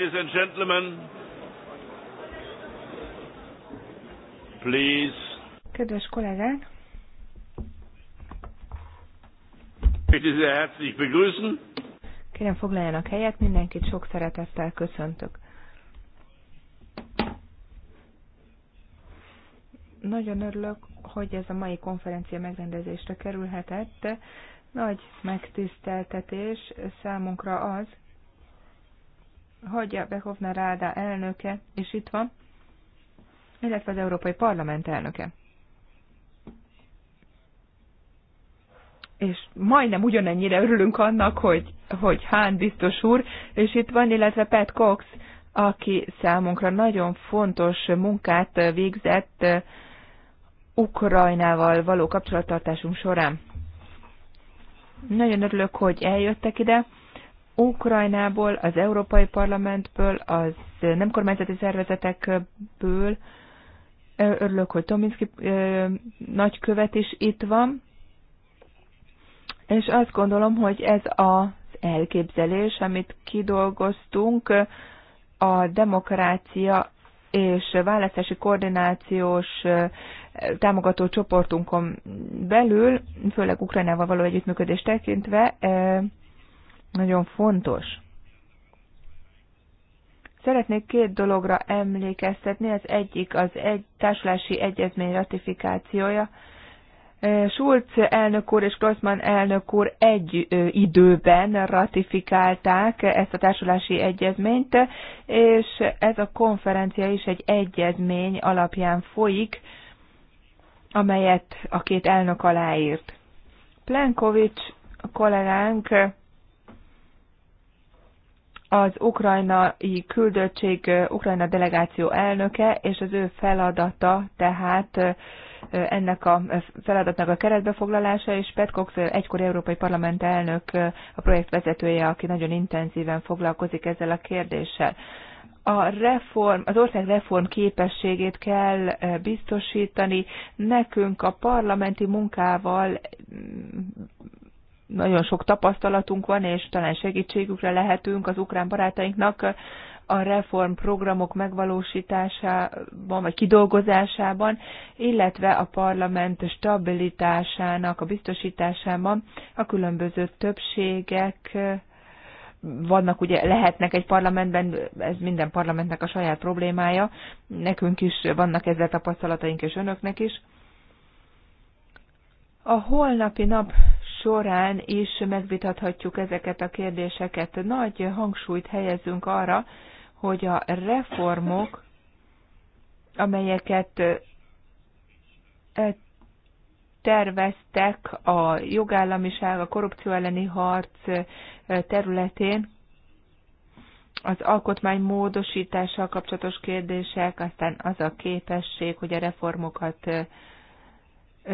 Ladies and gentlemen, please. Kedves kollégák! Bitte sehr herzlich begrüßen. Kérem foglaljanak helyet, mindenkit sok szeretettel köszöntök. Nagyon örülök, hogy ez a mai konferencia megrendezésre kerülhetett. Nagy megtiszteltetés számunkra az, Hagyja Behovna Ráda elnöke, és itt van, illetve az Európai Parlament elnöke. és majdnem ugyanennyire örülünk annak, hogy, hogy Hán biztos úr, és itt van, illetve Pat Cox, aki számunkra nagyon fontos munkát végzett Ukrajnával való kapcsolattartásunk során. Nagyon örülök, hogy eljöttek ide, Ukrajnából, az Európai Parlamentből, az nem kormányzati szervezetekből. Örülök, hogy Tominski nagykövet is itt van. És azt gondolom, hogy ez az elképzelés, amit kidolgoztunk, a demokrácia és választási koordinációs támogató csoportunkon belül, főleg Ukrajnával való együttműködést tekintve, nagyon fontos. Szeretnék két dologra emlékeztetni. Az egyik az egy társulási egyezmény ratifikációja. Schulz elnök úr és Grossman elnök úr egy időben ratifikálták ezt a társulási egyezményt, és ez a konferencia is egy egyezmény alapján folyik, amelyet a két elnök aláírt. Plenkovics kollégánk az ukrajnai küldöttség, ukrajna delegáció elnöke, és az ő feladata tehát ennek a feladatnak a keretbefoglalása, és Petcox egykori Európai Parlament elnök a projekt vezetője, aki nagyon intenzíven foglalkozik ezzel a kérdéssel. A reform, az ország reform képességét kell biztosítani, nekünk a parlamenti munkával nagyon sok tapasztalatunk van, és talán segítségükre lehetünk az ukrán barátainknak a reformprogramok megvalósításában, vagy kidolgozásában, illetve a parlament stabilitásának a biztosításában a különböző többségek vannak ugye, lehetnek egy parlamentben, ez minden parlamentnek a saját problémája, nekünk is vannak ezzel tapasztalataink és önöknek is. A holnapi nap során is megvitathatjuk ezeket a kérdéseket. Nagy hangsúlyt helyezünk arra, hogy a reformok, amelyeket e, terveztek a jogállamiság, a korrupció elleni harc e, területén, az alkotmány módosítással kapcsolatos kérdések, aztán az a képesség, hogy a reformokat e,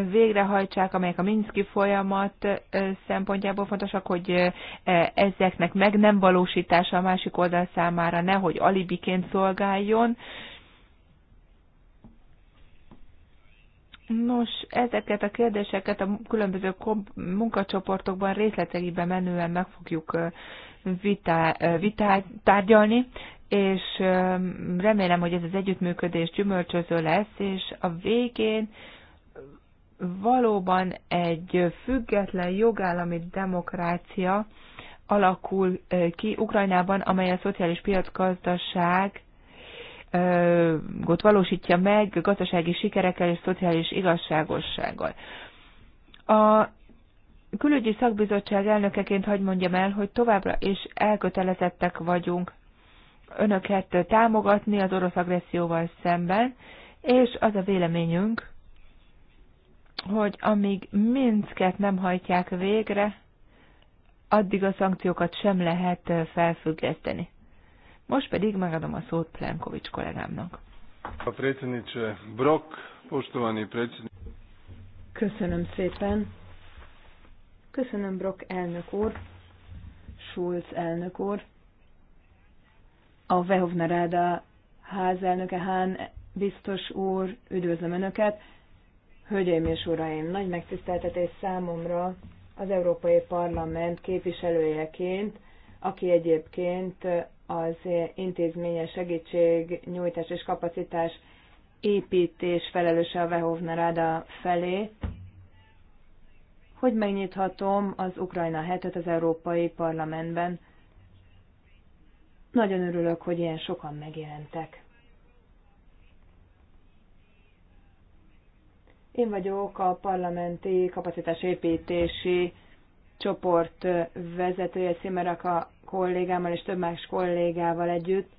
végrehajtsák, amelyek a Minszki folyamat szempontjából fontosak, hogy e, ezeknek meg nem valósítása a másik oldal számára nehogy alibiként szolgáljon. Nos, ezeket a kérdéseket a különböző munkacsoportokban részleteiben menően meg fogjuk vitá, vitá, és remélem, hogy ez az együttműködés gyümölcsöző lesz, és a végén valóban egy független jogállami demokrácia alakul ki Ukrajnában, amely a szociális piacgazdaság ott valósítja meg gazdasági sikerekkel és szociális igazságossággal. A külügyi szakbizottság elnökeként hagy mondjam el, hogy továbbra is elkötelezettek vagyunk önöket támogatni az orosz agresszióval szemben, és az a véleményünk, hogy amíg Minsket nem hajtják végre, addig a szankciókat sem lehet felfüggeszteni. Most pedig megadom a szót Plenkovics kollégámnak. A predsedniče Brok, postovani predsednik. Köszönöm szépen. Köszönöm Brok elnök úr, Schulz elnök úr, a Vehovnaráda házelnöke Hán biztos úr, üdvözlöm Önöket. Hölgyeim és uraim, nagy megtiszteltetés számomra az Európai Parlament képviselőjeként, aki egyébként az intézményes segítség, nyújtás és kapacitás építés felelőse a Vehovner felé, hogy megnyithatom az Ukrajna hetet az Európai Parlamentben. Nagyon örülök, hogy ilyen sokan megjelentek. Én vagyok a parlamenti kapacitásépítési csoport vezetője Szimeraka kollégámmal és több más kollégával együtt.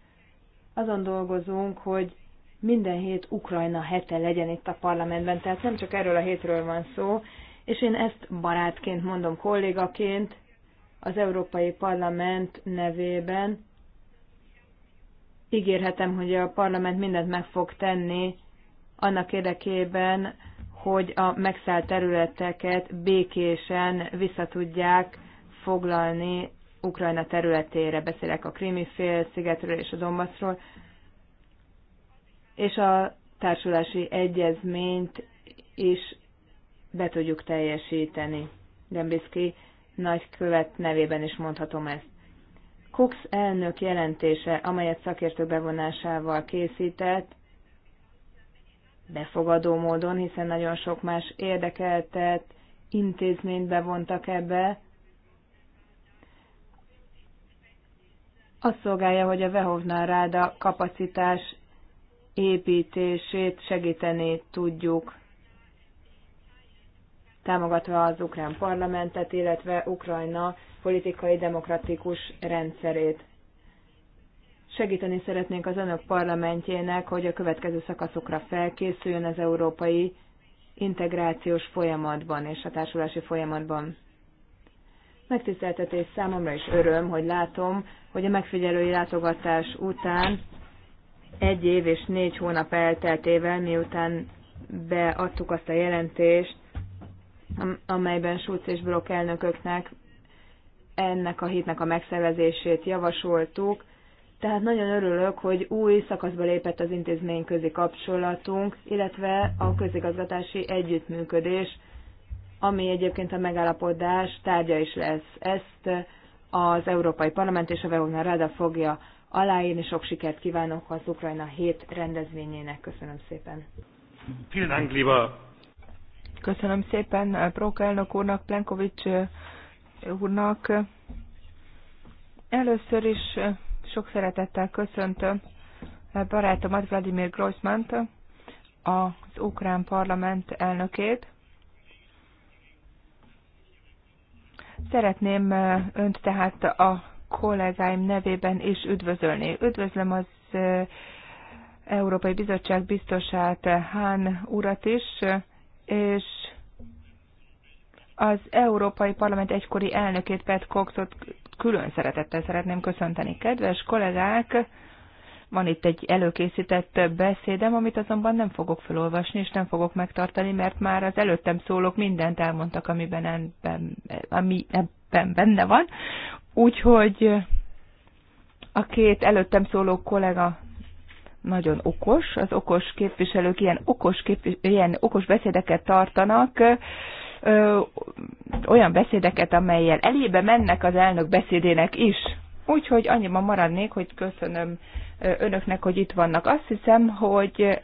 Azon dolgozunk, hogy minden hét Ukrajna hete legyen itt a parlamentben, tehát nem csak erről a hétről van szó, és én ezt barátként mondom, kollégaként, az Európai Parlament nevében ígérhetem, hogy a parlament mindent meg fog tenni annak érdekében, hogy a megszállt területeket békésen visszatudják foglalni Ukrajna területére. Beszélek a krimi fél szigetről és a Dombaszról. És a társulási egyezményt is be tudjuk teljesíteni. Dembiszki nagykövet nevében is mondhatom ezt. Cooks elnök jelentése, amelyet szakértő bevonásával készített, befogadó módon, hiszen nagyon sok más érdekeltet, intézményt bevontak ebbe. Azt szolgálja, hogy a Vehovnál Ráda kapacitás építését segíteni tudjuk, támogatva az ukrán parlamentet, illetve Ukrajna politikai demokratikus rendszerét. Segíteni szeretnénk az önök parlamentjének, hogy a következő szakaszokra felkészüljön az európai integrációs folyamatban és a társulási folyamatban. Megtiszteltetés számomra is öröm, hogy látom, hogy a megfigyelői látogatás után egy év és négy hónap elteltével, miután beadtuk azt a jelentést, amelyben Schulz és Brock elnököknek ennek a hétnek a megszervezését javasoltuk, tehát nagyon örülök, hogy új szakaszba lépett az intézmény közi kapcsolatunk, illetve a közigazgatási együttműködés, ami egyébként a megállapodás tárgya is lesz. Ezt az Európai Parlament és a Veogna Rada fogja aláírni. Sok sikert kívánok az Ukrajna hét rendezvényének. Köszönöm szépen. Köszönöm szépen Próka elnök úrnak, Plenkovics eh, úrnak. Először is eh, sok szeretettel köszöntöm eh, barátomat, Vladimir Grossmant, az ukrán parlament elnökét. Szeretném eh, önt tehát a kollégáim nevében is üdvözölni. Üdvözlöm az eh, Európai Bizottság biztosát Hán urat is, és az Európai Parlament egykori elnökét, Pet Coxot külön szeretettel szeretném köszönteni. Kedves kollégák, van itt egy előkészített beszédem, amit azonban nem fogok felolvasni, és nem fogok megtartani, mert már az előttem szólók mindent elmondtak, amiben ebben, ami ebben benne van. Úgyhogy a két előttem szóló kollega nagyon okos, az okos képviselők ilyen okos, képvis- ilyen okos beszédeket tartanak, ö, olyan beszédeket, amelyel elébe mennek az elnök beszédének is. Úgyhogy annyiban maradnék, hogy köszönöm önöknek, hogy itt vannak. Azt hiszem, hogy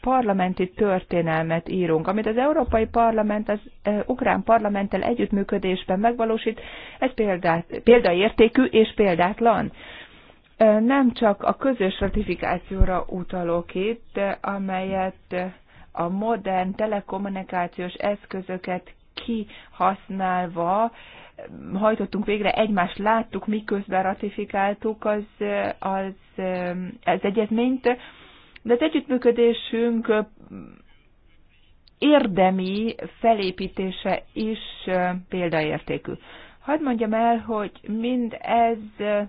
parlamenti történelmet írunk, amit az Európai Parlament az Ukrán Parlamenttel együttműködésben megvalósít, ez példát, példaértékű és példátlan. Nem csak a közös ratifikációra utalok itt, amelyet a modern telekommunikációs eszközöket kihasználva eh, hajtottunk végre, egymást láttuk, miközben ratifikáltuk az, eh, az, eh, az egyezményt, de az együttműködésünk érdemi felépítése is példaértékű. Hadd mondjam el, hogy mindez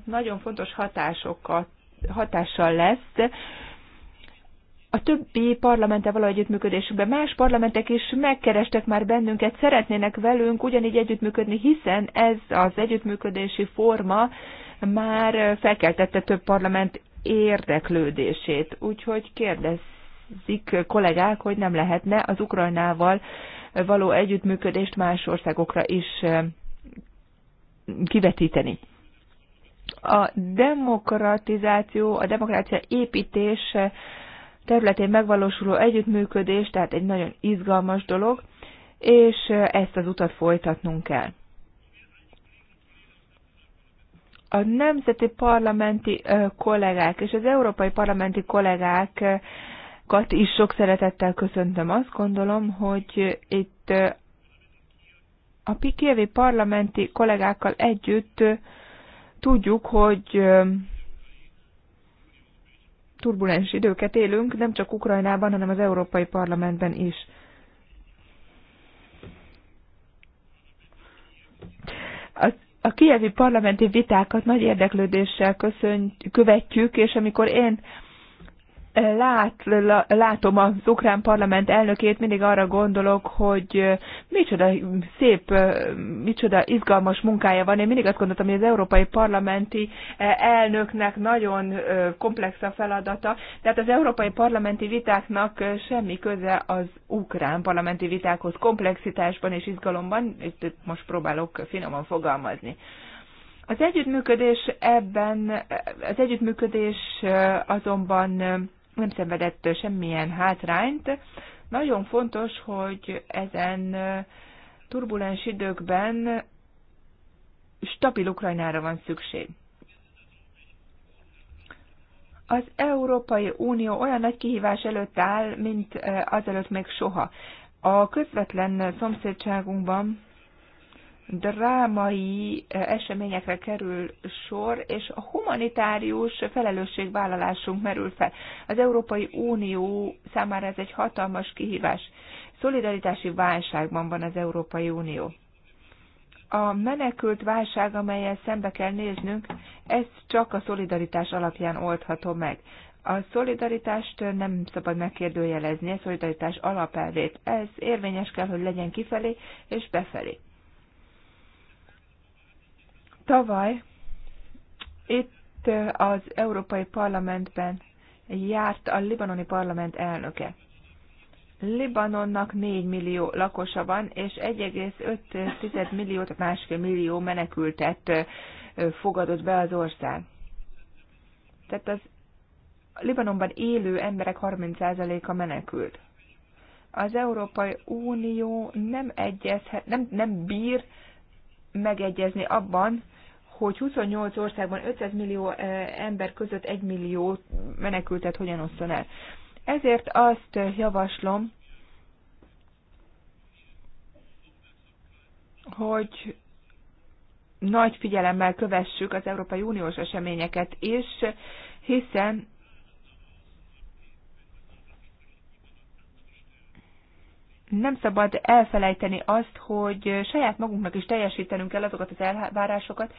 nagyon fontos hatásokat, hatással lesz a többi parlamente való együttműködésükben. Más parlamentek is megkerestek már bennünket, szeretnének velünk ugyanígy együttműködni, hiszen ez az együttműködési forma már felkeltette több parlament érdeklődését. Úgyhogy kérdezik kollégák, hogy nem lehetne az Ukrajnával való együttműködést más országokra is eh, kivetíteni a demokratizáció, a demokrácia építése területén megvalósuló együttműködés, tehát egy nagyon izgalmas dolog, és ezt az utat folytatnunk kell. A nemzeti parlamenti kollégák és az európai parlamenti kollégákat is sok szeretettel köszöntöm. Azt gondolom, hogy itt a pikévi parlamenti kollégákkal együtt tudjuk, hogy turbulens időket élünk, nem csak Ukrajnában, hanem az Európai Parlamentben is. A, a kievi parlamenti vitákat nagy érdeklődéssel köszönj, követjük, és amikor én lát, látom az ukrán parlament elnökét, mindig arra gondolok, hogy micsoda szép, micsoda izgalmas munkája van. Én mindig azt gondoltam, hogy az európai parlamenti e, elnöknek nagyon komplex a feladata, tehát az európai parlamenti vitáknak semmi köze az ukrán parlamenti vitákhoz komplexitásban és izgalomban, itt most próbálok finoman fogalmazni. Az együttműködés ebben, az együttműködés azonban nem szenvedett semmilyen hátrányt. Nagyon fontos, hogy ezen turbulens időkben stabil Ukrajnára van szükség. Az Európai Unió olyan nagy kihívás előtt áll, mint eh, azelőtt még soha. A közvetlen szomszédságunkban drámai eh, eseményekre kerül sor, és a humanitárius felelősségvállalásunk merül fel. Az Európai Unió számára ez egy hatalmas kihívás. Szolidaritási válságban van az Európai Unió. A menekült válság, amelyel szembe kell néznünk, ez csak a szolidaritás alapján oldható meg. A szolidaritást nem szabad megkérdőjelezni, a szolidaritás alapelvét. Ez érvényes kell, hogy legyen kifelé és befelé. Tavaly itt az Európai Parlamentben járt a libanoni parlament elnöke. Libanonnak 4 millió lakosa van, és 1,5 millió, tehát másfél millió menekültet fogadott be az ország. Tehát az Libanonban élő emberek 30%-a menekült. Az Európai Unió nem, egyezhet, nem, nem bír megegyezni abban, hogy 28 országban 500 millió ember között 1 millió menekültet hogyan osszon el. Ezért azt javaslom, hogy nagy figyelemmel kövessük az Európai Uniós eseményeket is, hiszen nem szabad elfelejteni azt, hogy saját magunknak is teljesítenünk kell azokat az elvárásokat,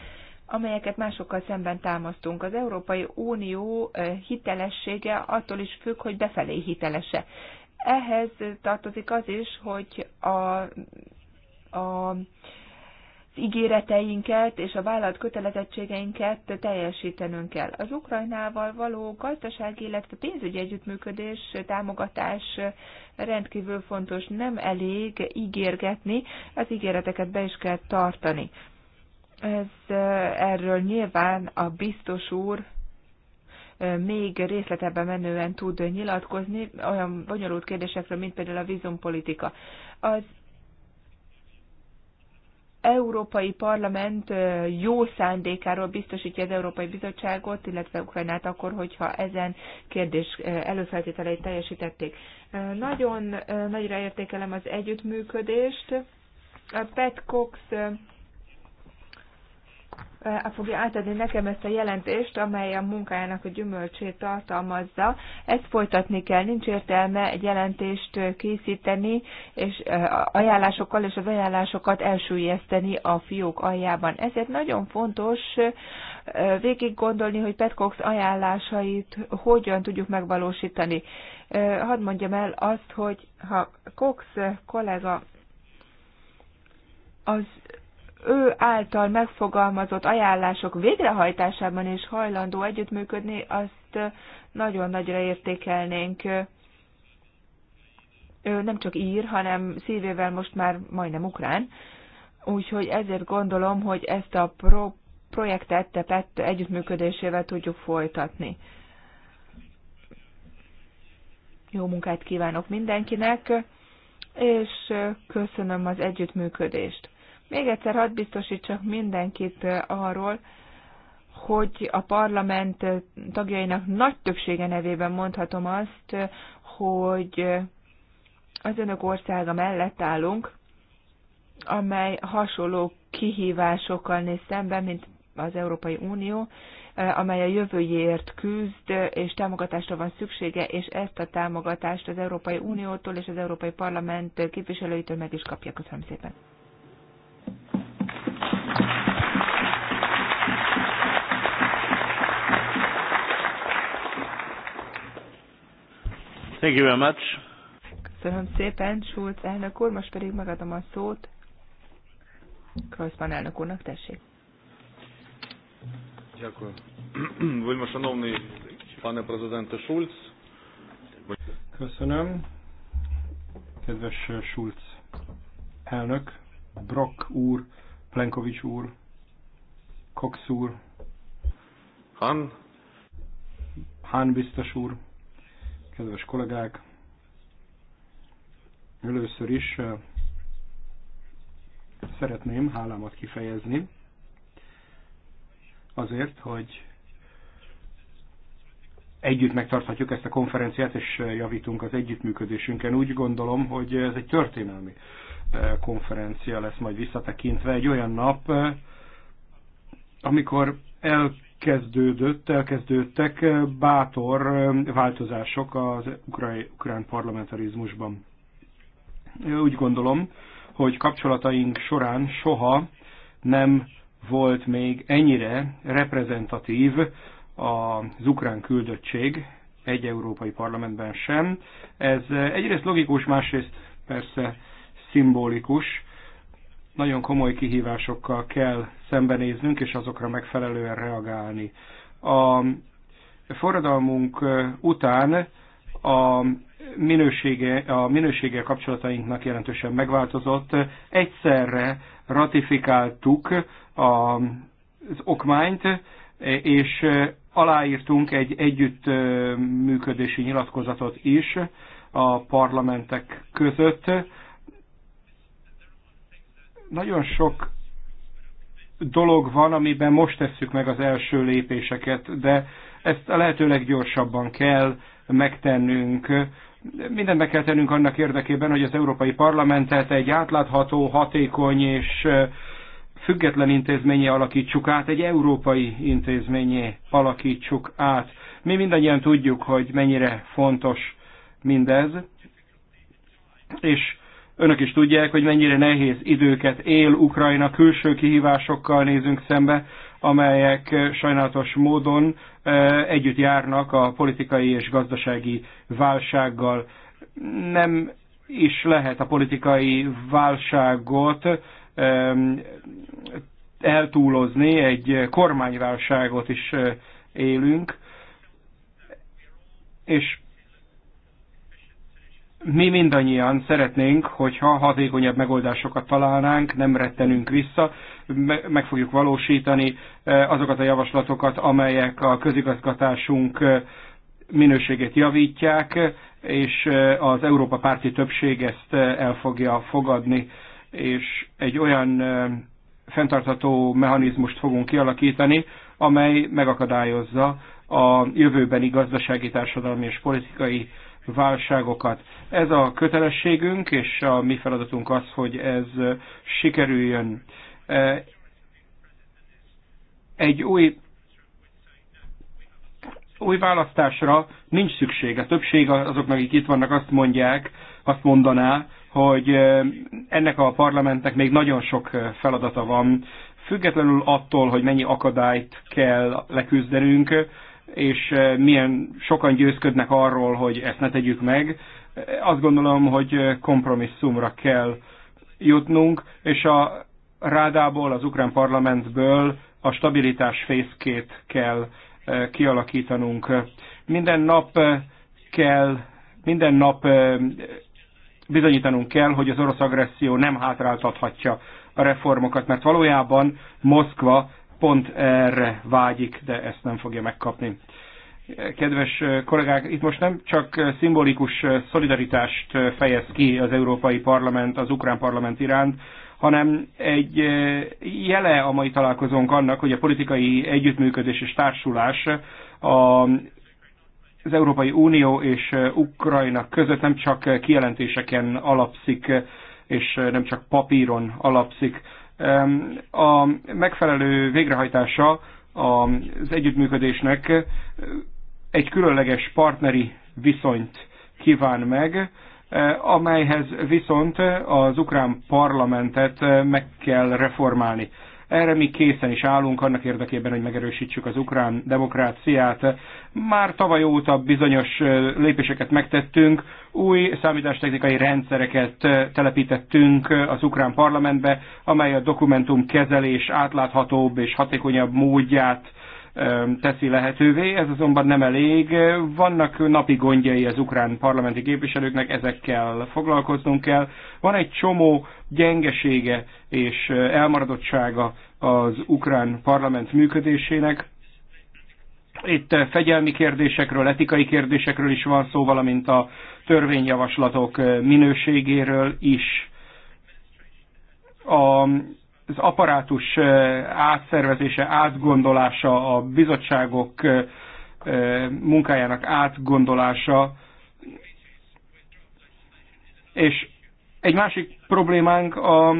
amelyeket másokkal szemben támasztunk. Az Európai Unió eh, hitelessége attól is függ, hogy befelé hitelese. Ehhez tartozik az is, hogy a, a az ígéreteinket és a vállalt kötelezettségeinket teljesítenünk kell. Az Ukrajnával való gazdasági, illetve pénzügyi együttműködés, támogatás rendkívül fontos. Nem elég ígérgetni, az ígéreteket be is kell tartani. Ez, erről nyilván a biztos úr még részletebben menően tud nyilatkozni, olyan bonyolult kérdésekről, mint például a vízumpolitika. Az Európai Parlament jó szándékáról biztosítja az Európai Bizottságot, illetve Ukrajnát akkor, hogyha ezen kérdés előfeltételeit teljesítették. Nagyon nagyra értékelem az együttműködést. Pet Cox Eh, fogja átadni nekem ezt a jelentést, amely a munkájának a gyümölcsét tartalmazza. Ezt folytatni kell, nincs értelme egy jelentést eh, készíteni, és eh, ajánlásokkal és az ajánlásokat elsüllyeszteni a fiók aljában. Ezért nagyon fontos végig gondolni, hogy Petcox ajánlásait hogyan tudjuk megvalósítani. Hadd mondjam el azt, hogy ha Cox kollega az ő által megfogalmazott ajánlások végrehajtásában is hajlandó együttműködni, azt nagyon nagyra értékelnénk. Ő nem csak ír, hanem szívével most már majdnem ukrán, úgyhogy ezért gondolom, hogy ezt a pro projektet tepett együttműködésével tudjuk folytatni. Jó munkát kívánok mindenkinek, és köszönöm az együttműködést. Még egyszer hadd biztosítsak mindenkit arról, hogy a parlament tagjainak nagy többsége nevében mondhatom azt, hogy az önök országa mellett állunk, amely hasonló kihívásokkal néz szembe mint az Európai Unió, amely a jövőjéért küzd, és támogatásra van szüksége, és ezt a támogatást az Európai Uniótól és az Európai Parlament képviselőitől meg is kapja. Köszönöm szépen! Thank you very much. Köszönöm szépen, Schulz elnök úr, most pedig megadom a szót. Kreuzmann elnök úrnak, tessék. Köszönöm. Kedves Schulz elnök, Brock úr, Plenkovic úr, Cox úr, Han, Han biztos úr, kedves kollégák! Először is eh, szeretném hálámat kifejezni azért, hogy együtt megtarthatjuk ezt a konferenciát, és eh, javítunk az együttműködésünken. Úgy gondolom, hogy ez egy történelmi eh, konferencia lesz majd visszatekintve, egy olyan nap, amikor el kezdődött, elkezdődtek bátor um, változások az ukrán parlamentarizmusban. Úgy gondolom, hogy kapcsolataink során soha nem volt még ennyire reprezentatív az ukrán küldöttség, egy európai parlamentben sem. Ez egyrészt logikus, másrészt persze szimbolikus. Nagyon komoly kihívásokkal kell szembenéznünk, és azokra megfelelően reagálni. A forradalmunk után a minősége, a minősége kapcsolatainknak jelentősen megváltozott. Egyszerre ratifikáltuk a, az okmányt, és aláírtunk egy együttműködési nyilatkozatot is a parlamentek között. Nagyon sok dolog van, amiben most tesszük meg az első lépéseket, de ezt a lehető leggyorsabban kell megtennünk. Mindent meg kell tennünk annak érdekében, hogy az Európai Parlamentet egy átlátható, hatékony és független intézményé alakítsuk át, egy európai intézményé alakítsuk át. Mi mindannyian tudjuk, hogy mennyire fontos mindez, és Önök is tudják, hogy mennyire nehéz időket él Ukrajna, külső kihívásokkal nézünk szembe, amelyek eh, sajnálatos módon eh, együtt járnak a politikai és gazdasági válsággal. Nem is lehet a politikai válságot eltúlozni, egy kormányválságot is eh, élünk, és mi mindannyian szeretnénk, hogyha hatékonyabb megoldásokat találnánk, nem rettenünk vissza, meg fogjuk valósítani e, azokat a javaslatokat, amelyek a közigazgatásunk e, minőségét javítják, és e, az Európa párti többség ezt el fogja fogadni, és egy olyan fenntartható mechanizmust fogunk kialakítani, amely megakadályozza a jövőbeni gazdasági, társadalmi és politikai válságokat. Ez a kötelességünk, és a mi feladatunk az, hogy ez sikerüljön. E, egy új új választásra nincs szükség. A többség azoknak, akik itt vannak, azt mondják, azt mondaná, hogy e, ennek a parlamentnek még nagyon sok feladata van, függetlenül attól, hogy mennyi akadályt kell leküzdenünk, és eh, milyen sokan győzködnek arról, hogy ezt ne tegyük meg. Azt gondolom, hogy eh, kompromisszumra kell jutnunk, és a rádából, az ukrán parlamentből a stabilitás fészkét kell eh, kialakítanunk. Minden nap kell, minden nap bizonyítanunk kell, hogy az orosz agresszió nem hátráltathatja a reformokat, mert valójában Moszkva pont erre vágyik, de ezt nem fogja megkapni. Kedves kollégák, itt most nem csak szimbolikus szolidaritást fejez ki az Európai Parlament az Ukrán Parlament iránt, hanem egy jele a mai találkozónk annak, hogy a politikai együttműködés és társulás a az Európai Unió és Ukrajna között nem csak kijelentéseken alapszik, és nem csak papíron alapszik. A megfelelő végrehajtása az együttműködésnek egy különleges partneri viszonyt kíván meg, e, amelyhez viszont az ukrán parlamentet meg kell reformálni. Erre mi készen is állunk, annak érdekében, hogy megerősítsük az ukrán demokráciát. Már tavaly óta bizonyos lépéseket megtettünk, új számítástechnikai rendszereket telepítettünk az ukrán parlamentbe, amely a dokumentum kezelés átláthatóbb és hatékonyabb módját teszi lehetővé, ez azonban nem elég. Vannak napi gondjai az ukrán parlamenti képviselőknek, ezekkel foglalkoznunk kell. Van egy csomó gyengesége és elmaradottsága az ukrán parlament működésének. Itt fegyelmi kérdésekről, etikai kérdésekről is van szó, valamint a törvényjavaslatok minőségéről is. A az aparátus átszervezése, átgondolása, a bizottságok munkájának átgondolása, és egy másik problémánk a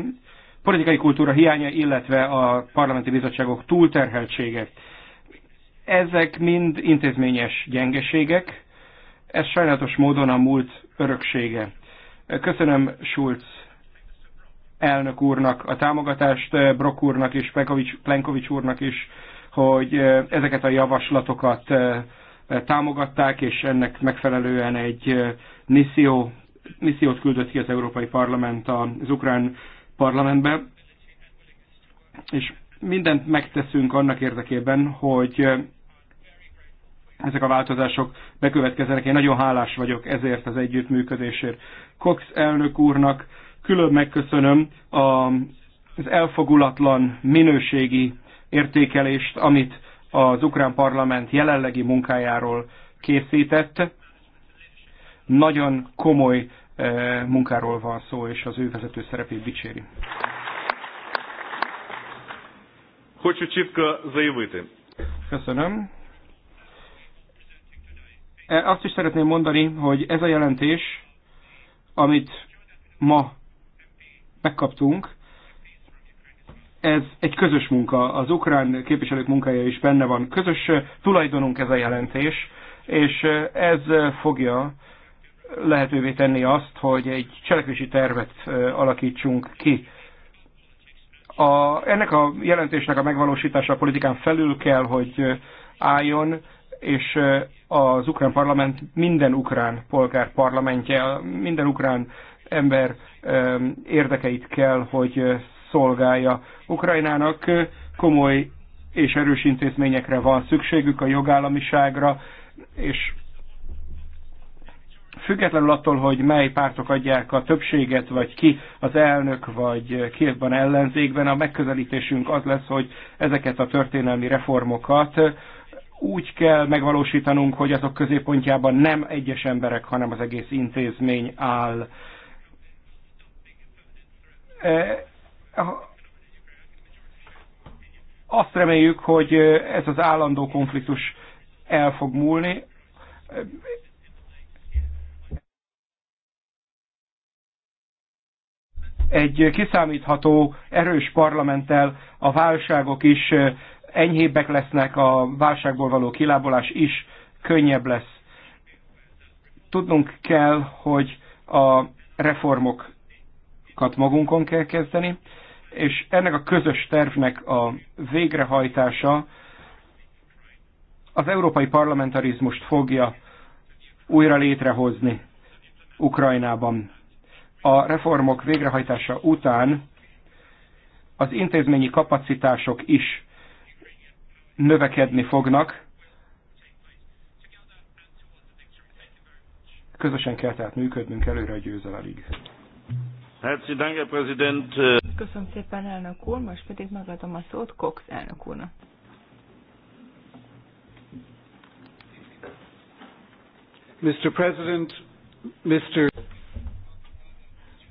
politikai kultúra hiánya, illetve a parlamenti bizottságok túlterheltsége. Ezek mind intézményes gyengeségek, ez sajnálatos módon a múlt öröksége. Köszönöm Schulz elnök úrnak a támogatást, eh, Brok úrnak és Plenkovics, Plenkovics úrnak is, hogy eh, ezeket a javaslatokat eh, támogatták, és ennek megfelelően egy misszió, missziót küldött ki az Európai Parlament az ukrán parlamentbe, és mindent megteszünk annak érdekében, hogy ezek a változások bekövetkezzenek. Én nagyon hálás vagyok ezért az együttműködésért. Cox elnök úrnak, Külön megköszönöm az elfogulatlan minőségi értékelést, amit az ukrán parlament jelenlegi munkájáról készített. Nagyon komoly eh, munkáról van szó, és az ő vezető szerepét dicséri. Köszönöm. Azt is szeretném mondani, hogy ez a jelentés, amit ma megkaptunk, ez egy közös munka, az ukrán képviselők munkája is benne van. Közös tulajdonunk ez a jelentés, és ez fogja lehetővé tenni azt, hogy egy cselekvési tervet alakítsunk ki. A, ennek a jelentésnek a megvalósítása a politikán felül kell, hogy álljon, és az ukrán parlament minden ukrán polgár parlamentje, minden ukrán ember érdekeit kell, hogy szolgálja. Ukrajnának komoly és erős intézményekre van szükségük, a jogállamiságra, és függetlenül attól, hogy mely pártok adják a többséget, vagy ki az elnök, vagy ki van ellenzékben, a megközelítésünk az lesz, hogy ezeket a történelmi reformokat úgy kell megvalósítanunk, hogy azok középpontjában nem egyes emberek, hanem az egész intézmény áll. Azt reméljük, hogy ez az állandó konfliktus el fog múlni. Egy kiszámítható, erős parlamenttel a válságok is enyhébbek lesznek, a válságból való kilábolás is könnyebb lesz. Tudnunk kell, hogy a reformok feladatokat magunkon kell kezdeni, és ennek a közös tervnek a végrehajtása az európai parlamentarizmust fogja újra létrehozni Ukrajnában. A reformok végrehajtása után az intézményi kapacitások is növekedni fognak. Közösen kell tehát működnünk előre a győzelemig. Köszönöm szépen, elnök úr, most pedig megadom a szót Cox elnök úrnak. Mr. President, Mr.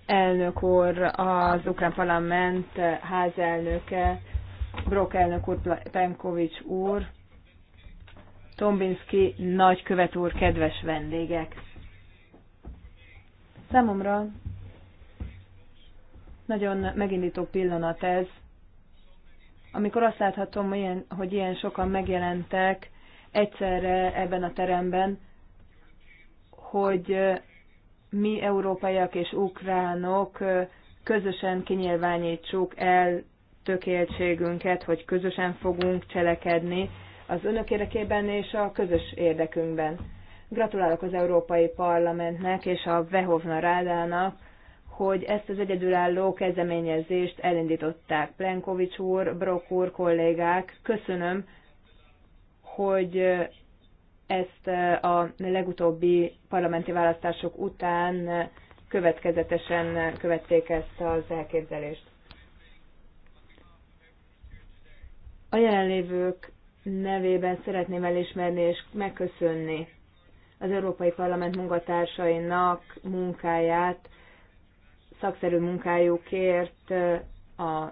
Elnök úr, az ukrán parlament házelnöke, Brok elnök úr, Plenkovics úr, Tombinski nagykövet úr, kedves vendégek. Számomra nagyon megindító pillanat ez, amikor azt láthatom, hogy ilyen sokan megjelentek egyszerre ebben a teremben, hogy mi európaiak és ukránok közösen kinyilvánítsuk el tökéltségünket, hogy közösen fogunk cselekedni az önök érdekében és a közös érdekünkben. Gratulálok az Európai Parlamentnek és a Vehovna Rádának hogy ezt az egyedülálló kezdeményezést elindították. Plenkovics úr, Brok úr, kollégák, köszönöm, hogy ezt a legutóbbi parlamenti választások után következetesen követték ezt az elképzelést. A jelenlévők nevében szeretném elismerni és megköszönni az Európai Parlament munkatársainak munkáját, szakszerű munkájukért, a,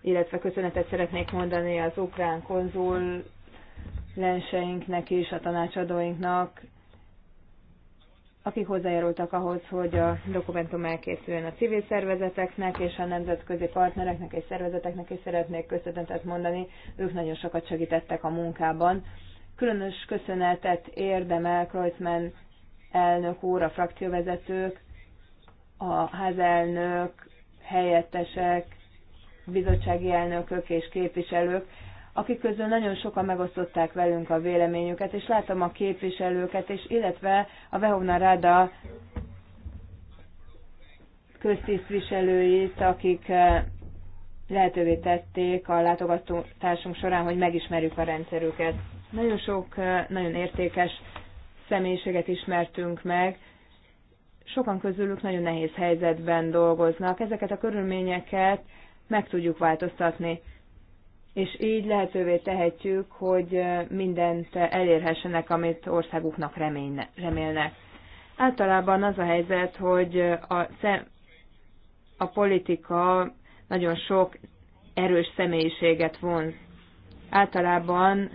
illetve köszönetet szeretnék mondani az ukrán konzul lenseinknek és a tanácsadóinknak, akik hozzájárultak ahhoz, hogy a dokumentum elkészüljön a civil szervezeteknek és a nemzetközi partnereknek és szervezeteknek, és szeretnék köszönetet mondani, ők nagyon sokat segítettek a munkában. Különös köszönetet érdemel Kreuzmann elnök úr, a frakcióvezetők, a házelnök, helyettesek, bizottsági elnökök és képviselők, akik közül nagyon sokan megosztották velünk a véleményüket, és láttam a képviselőket, és illetve a Vehovna Ráda köztisztviselőit, akik eh, lehetővé tették a látogatásunk során, hogy megismerjük a rendszerüket. Nagyon sok, eh, nagyon értékes személyiséget ismertünk meg, Sokan közülük nagyon nehéz helyzetben dolgoznak. Ezeket a körülményeket meg tudjuk változtatni. És így lehetővé tehetjük, hogy mindent elérhessenek, amit országuknak remélne, remélnek. Általában az a helyzet, hogy a, a politika nagyon sok erős személyiséget vonz. Általában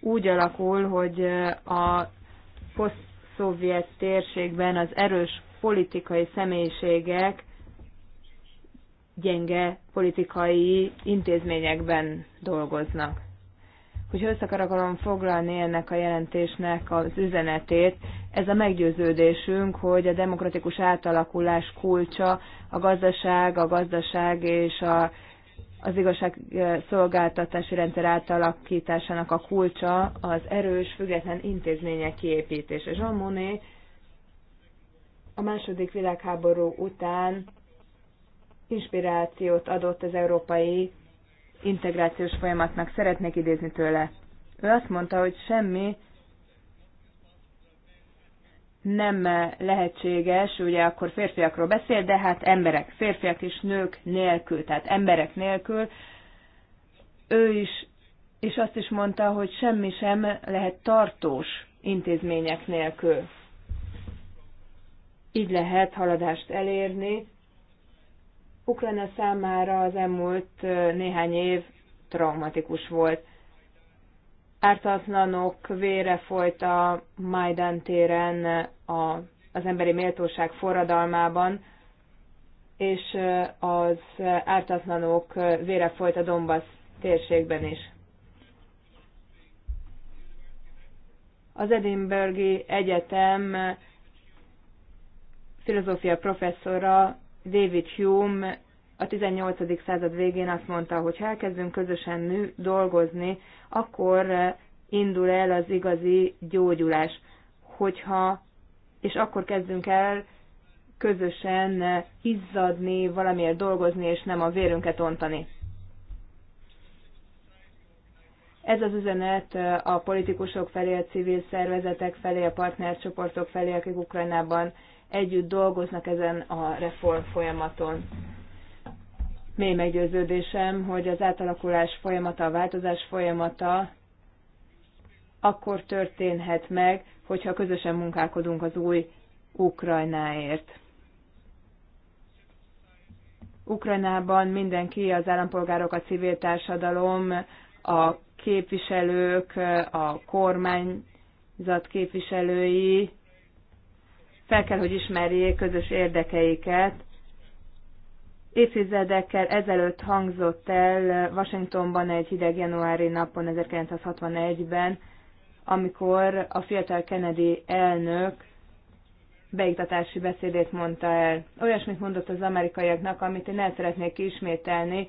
úgy alakul, hogy a poszt szovjet térségben az erős politikai személyiségek gyenge politikai intézményekben dolgoznak. Hogyha össze akarom foglalni ennek a jelentésnek az üzenetét, ez a meggyőződésünk, hogy a demokratikus átalakulás kulcsa a gazdaság, a gazdaság és a az igazságszolgáltatási rendszer átalakításának a kulcsa az erős, független intézmények kiépítése. Jean Monnet a második világháború után inspirációt adott az európai integrációs folyamatnak. Szeretnék idézni tőle. Ő azt mondta, hogy semmi nem lehetséges, ugye akkor férfiakról beszél, de hát emberek, férfiak és nők nélkül, tehát emberek nélkül. Ő is, és azt is mondta, hogy semmi sem lehet tartós intézmények nélkül. Így lehet haladást elérni. Ukrajna számára az elmúlt néhány év traumatikus volt ártatlanok vére folyt a Majdan téren a, az emberi méltóság forradalmában, és az ártatlanok vére folyt a Donbass térségben is. Az Edinburghi Egyetem filozófia professzora David Hume a 18. század végén azt mondta, hogy ha elkezdünk közösen nő dolgozni, akkor eh, indul el az igazi gyógyulás. Hogyha, és akkor kezdünk el közösen eh, izzadni, valamiért dolgozni, és nem a vérünket ontani. Ez az üzenet eh, a politikusok felé, a civil szervezetek felé, a partnercsoportok felé, akik Ukrajnában együtt dolgoznak ezen a reform folyamaton mély meggyőződésem, hogy az átalakulás folyamata, a változás folyamata akkor történhet meg, hogyha közösen munkálkodunk az új Ukrajnáért. Ukrajnában mindenki, az állampolgárok, a civil társadalom, a képviselők, a kormányzat képviselői fel kell, hogy ismerjék közös érdekeiket, évtizedekkel ezelőtt hangzott el Washingtonban egy hideg januári napon 1961-ben, amikor a fiatal Kennedy elnök beiktatási beszédét mondta el. Olyasmit mondott az amerikaiaknak, amit én el szeretnék ismételni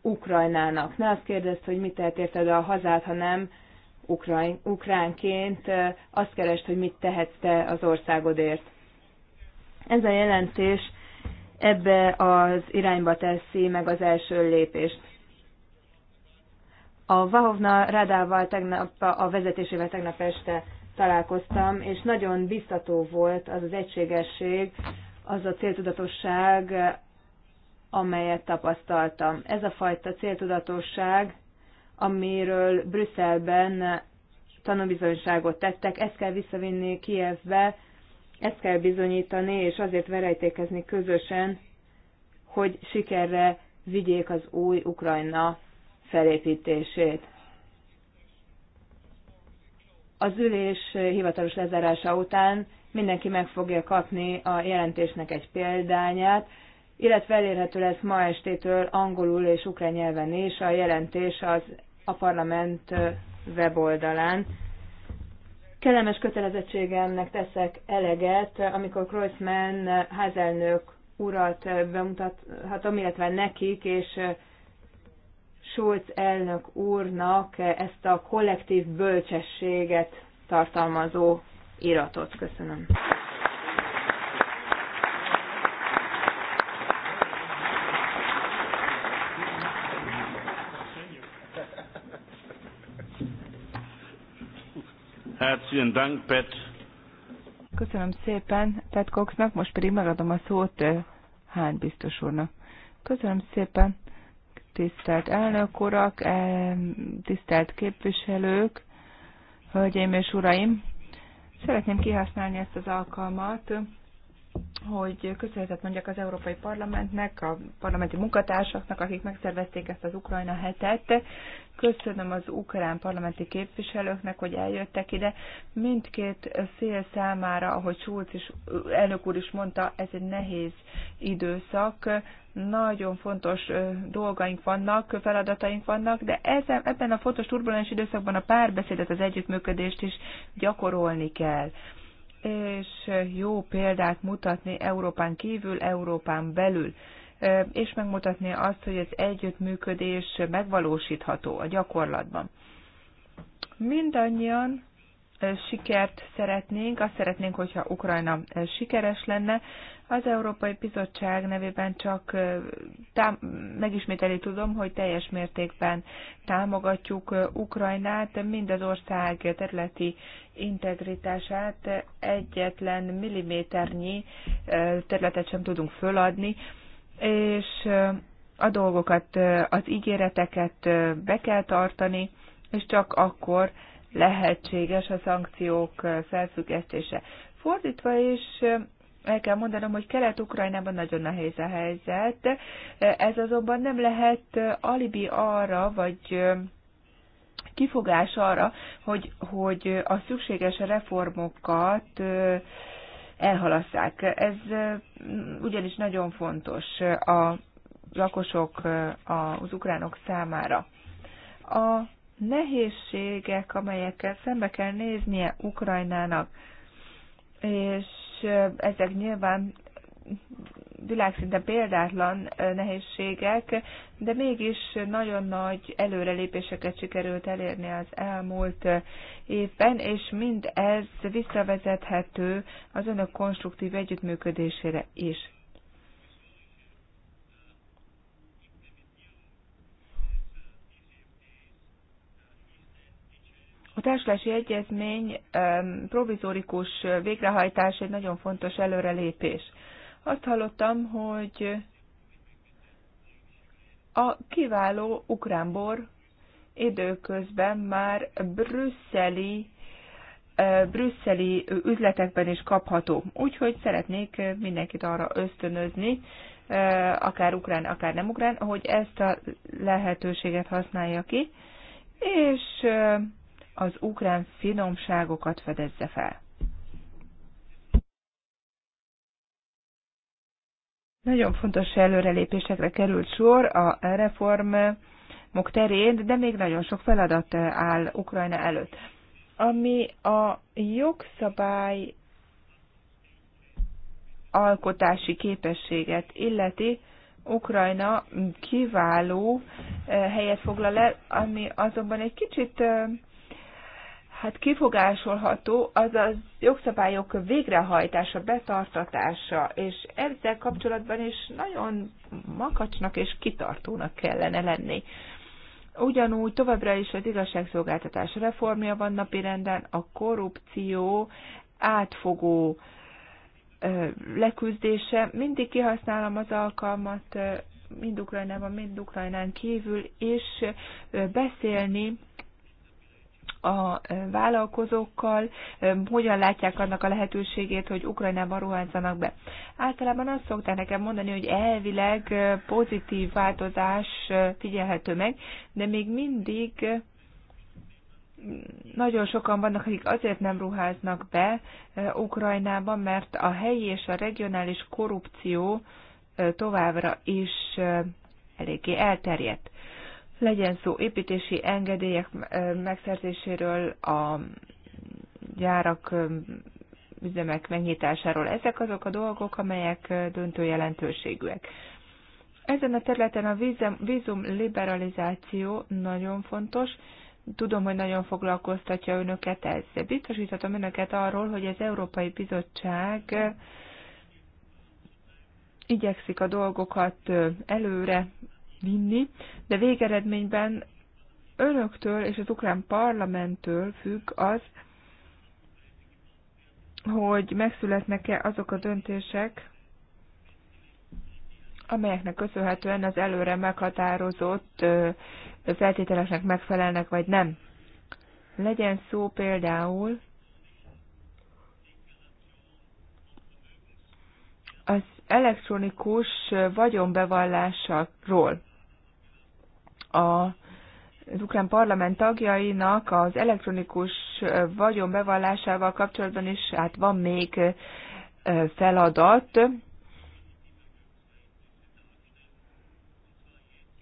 Ukrajnának. Ne azt kérdezt, hogy mit tehet érted a hazát, hanem Ukrajn, ukránként azt kerest, hogy mit tehetsz te az országodért. Ez a jelentés ebbe az irányba teszi meg az első lépést. A Vahovna radával tegnap, a vezetésével tegnap este találkoztam, és nagyon biztató volt az az egységesség, az a céltudatosság, amelyet tapasztaltam. Ez a fajta céltudatosság, amiről Brüsszelben tanúbizonyságot tettek, ezt kell visszavinni Kievbe, ezt kell bizonyítani, és azért verejtékezni közösen, hogy sikerre vigyék az új Ukrajna felépítését. Az ülés hivatalos lezárása után mindenki meg fogja kapni a jelentésnek egy példányát, illetve elérhető lesz ma estétől angolul és ukrán nyelven is a jelentés az a parlament weboldalán kellemes kötelezettségemnek teszek eleget, amikor Kreuzmann házelnök urat bemutathatom, illetve nekik, és Schulz elnök úrnak ezt a kollektív bölcsességet tartalmazó iratot. Köszönöm. Herzlichen Dank, Köszönöm szépen Pet Coxnak, most pedig megadom a szót hány biztos úrnak. Köszönöm szépen, tisztelt elnök urak, tisztelt képviselők, hölgyeim és uraim. Szeretném kihasználni ezt az alkalmat, hogy köszönetet mondjak az Európai Parlamentnek, a parlamenti munkatársaknak, akik megszervezték ezt az Ukrajna hetet. Köszönöm az ukrán parlamenti képviselőknek, hogy eljöttek ide. Mindkét fél számára, ahogy Schulz is, elnök úr is mondta, ez egy nehéz időszak. Nagyon fontos dolgaink vannak, feladataink vannak, de ezen, ebben a fontos turbulens időszakban a párbeszédet, az együttműködést is gyakorolni kell és jó példát mutatni Európán kívül, Európán belül, és megmutatni azt, hogy az együttműködés megvalósítható a gyakorlatban. Mindannyian sikert szeretnénk, azt szeretnénk, hogyha Ukrajna sikeres lenne. Az Európai Bizottság nevében csak tám- megismételni tudom, hogy teljes mértékben támogatjuk Ukrajnát, mind az ország területi integritását, egyetlen milliméternyi területet sem tudunk föladni, és a dolgokat, az ígéreteket be kell tartani, és csak akkor lehetséges a szankciók felfüggesztése. Fordítva is el kell mondanom, hogy Kelet-Ukrajnában nagyon nehéz a helyzet. Ez azonban nem lehet alibi arra, vagy kifogás arra, hogy, hogy a szükséges reformokat elhalasszák. Ez ugyanis nagyon fontos a lakosok, az ukránok számára. A nehézségek, amelyekkel szembe kell néznie Ukrajnának, és ezek nyilván világszinte példátlan nehézségek, de mégis nagyon nagy előrelépéseket sikerült elérni az elmúlt évben, és mindez visszavezethető az önök konstruktív együttműködésére is. társulási egyezmény provizórikus végrehajtás egy nagyon fontos előrelépés. Azt hallottam, hogy a kiváló ukránbor időközben már brüsszeli brüsszeli üzletekben is kapható. Úgyhogy szeretnék mindenkit arra ösztönözni, akár ukrán, akár nem ukrán, hogy ezt a lehetőséget használja ki, és az ukrán finomságokat fedezze fel. Nagyon fontos előrelépésekre került sor a reformok terén, de még nagyon sok feladat áll Ukrajna előtt. Ami a jogszabály alkotási képességet illeti, Ukrajna kiváló eh, helyet foglal el, ami azonban egy kicsit eh, hát kifogásolható, az a jogszabályok végrehajtása, betartatása, és ezzel kapcsolatban is nagyon makacsnak és kitartónak kellene lenni. Ugyanúgy továbbra is az igazságszolgáltatás reformja van napirenden, a korrupció átfogó leküzdése. Mindig kihasználom az alkalmat, mind Ukrajnában, mind Ukrajnán kívül, és beszélni a vállalkozókkal, hogyan látják annak a lehetőségét, hogy Ukrajnában ruházzanak be. Általában azt szokták nekem mondani, hogy elvileg pozitív változás figyelhető meg, de még mindig nagyon sokan vannak, akik azért nem ruháznak be Ukrajnába, mert a helyi és a regionális korrupció továbbra is eléggé elterjedt legyen szó építési engedélyek megszerzéséről, a gyárak, üzemek megnyitásáról. Ezek azok a dolgok, amelyek döntő jelentőségűek. Ezen a területen a vízum, liberalizáció nagyon fontos. Tudom, hogy nagyon foglalkoztatja önöket ez. Biztosíthatom önöket arról, hogy az Európai Bizottság igyekszik a dolgokat előre vinni, de végeredményben önöktől és az ukrán parlamenttől függ az, hogy megszületnek-e azok a döntések, amelyeknek köszönhetően az előre meghatározott feltételeknek megfelelnek, vagy nem. Legyen szó például az elektronikus vagyonbevallásról a az ukrán parlament tagjainak az elektronikus vagyon bevallásával kapcsolatban is hát van még feladat.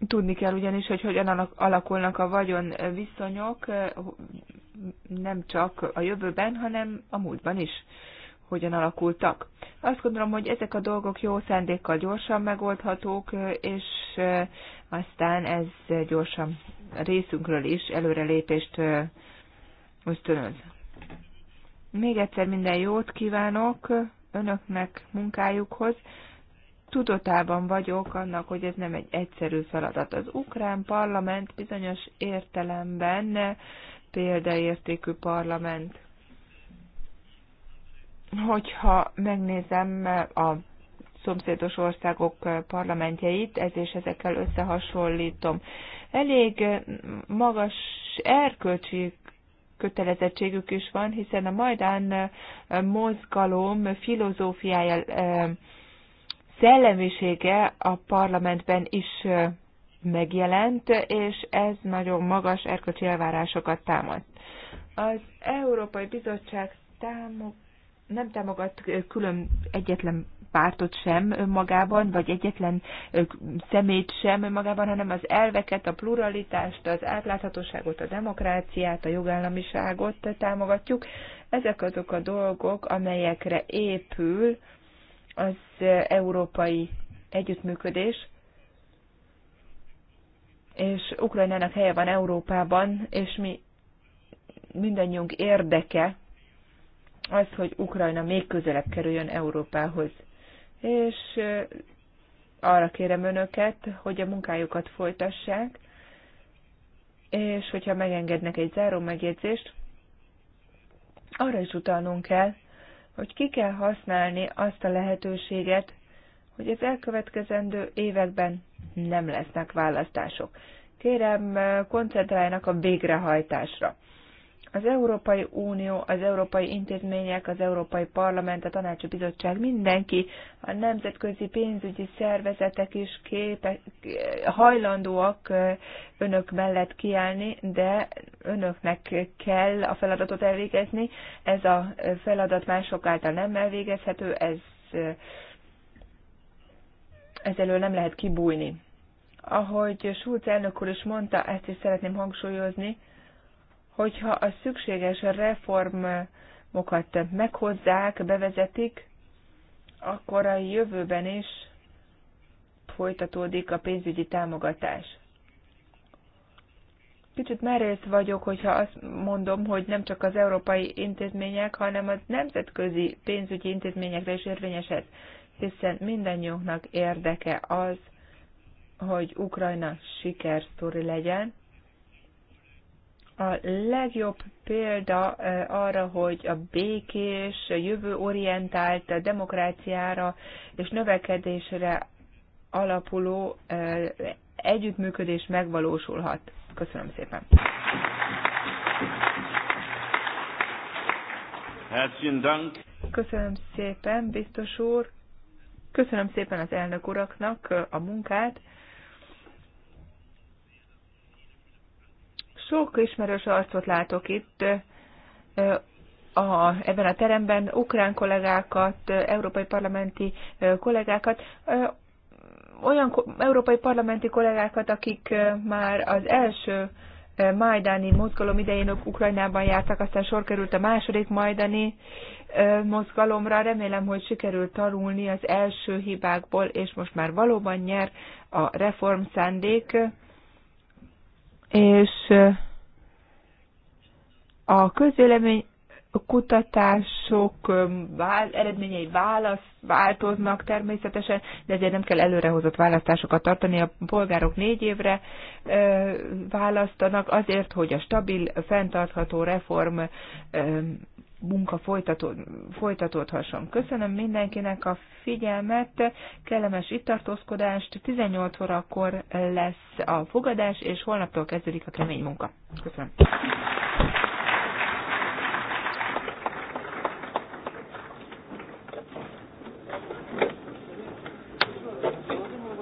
Tudni kell ugyanis, hogy hogyan alakulnak a vagyon viszonyok nem csak a jövőben, hanem a múltban is hogyan alakultak. Azt gondolom, hogy ezek a dolgok jó szándékkal gyorsan megoldhatók, és aztán ez gyorsan részünkről is előrelépést ösztönöz. Még egyszer minden jót kívánok önöknek munkájukhoz. Tudatában vagyok annak, hogy ez nem egy egyszerű feladat. Az ukrán parlament bizonyos értelemben példaértékű parlament Hogyha megnézem eh, a szomszédos országok eh, parlamentjeit, ez és ezekkel összehasonlítom. Elég eh, magas erkölcsi kötelezettségük is van, hiszen a Majdán mozgalom filozófiája szellemisége a parlamentben is megjelent, és ez nagyon magas erkölcsi elvárásokat támaszt. Az Európai Bizottság támogatása nem támogat külön egyetlen pártot sem magában, vagy egyetlen szemét sem magában, hanem az elveket, a pluralitást, az átláthatóságot, a demokráciát, a jogállamiságot támogatjuk. Ezek azok a dolgok, amelyekre épül az európai együttműködés, és Ukrajnának helye van Európában, és mi mindannyiunk érdeke, az, hogy Ukrajna még közelebb kerüljön Európához. És arra kérem önöket, hogy a munkájukat folytassák, és hogyha megengednek egy záró megjegyzést, arra is utalnunk kell, hogy ki kell használni azt a lehetőséget, hogy az elkövetkezendő években nem lesznek választások. Kérem, koncentráljanak a végrehajtásra. Az Európai Unió, az európai intézmények, az Európai Parlament, a Tanácsi Bizottság, mindenki, a nemzetközi pénzügyi szervezetek is képe, hajlandóak önök mellett kiállni, de önöknek kell a feladatot elvégezni. Ez a feladat mások által nem elvégezhető, ez, ezelől nem lehet kibújni. Ahogy Schulz elnök úr is mondta, ezt is szeretném hangsúlyozni, hogyha a szükséges reformokat meghozzák, bevezetik, akkor a jövőben is folytatódik a pénzügyi támogatás. Kicsit merész vagyok, hogyha azt mondom, hogy nem csak az európai intézmények, hanem a nemzetközi pénzügyi intézményekre is érvényes ez, hiszen mindannyiunknak érdeke az, hogy Ukrajna sikersztori legyen, a legjobb példa arra, hogy a békés, jövőorientált demokráciára és növekedésre alapuló együttműködés megvalósulhat. Köszönöm szépen. Köszönöm szépen, biztos úr. Köszönöm szépen az elnök uraknak a munkát. Sok ismerős arcot látok itt a, ebben a teremben, ukrán kollégákat, európai parlamenti kollégákat, olyan európai parlamenti kollégákat, akik már az első majdani mozgalom idején Ukrajnában jártak, aztán sor került a második majdani mozgalomra. Remélem, hogy sikerült tanulni az első hibákból, és most már valóban nyer a reform szándék és a közélemény kutatások vál, eredményei válasz, változnak természetesen, de ezért nem kell előrehozott választásokat tartani. A polgárok négy évre ö, választanak azért, hogy a stabil, fenntartható reform ö, munka folytató, folytatódhasson. Köszönöm mindenkinek a figyelmet, kellemes itt tartózkodást, 18 órakor lesz a fogadás, és holnaptól kezdődik a kemény munka. Köszönöm.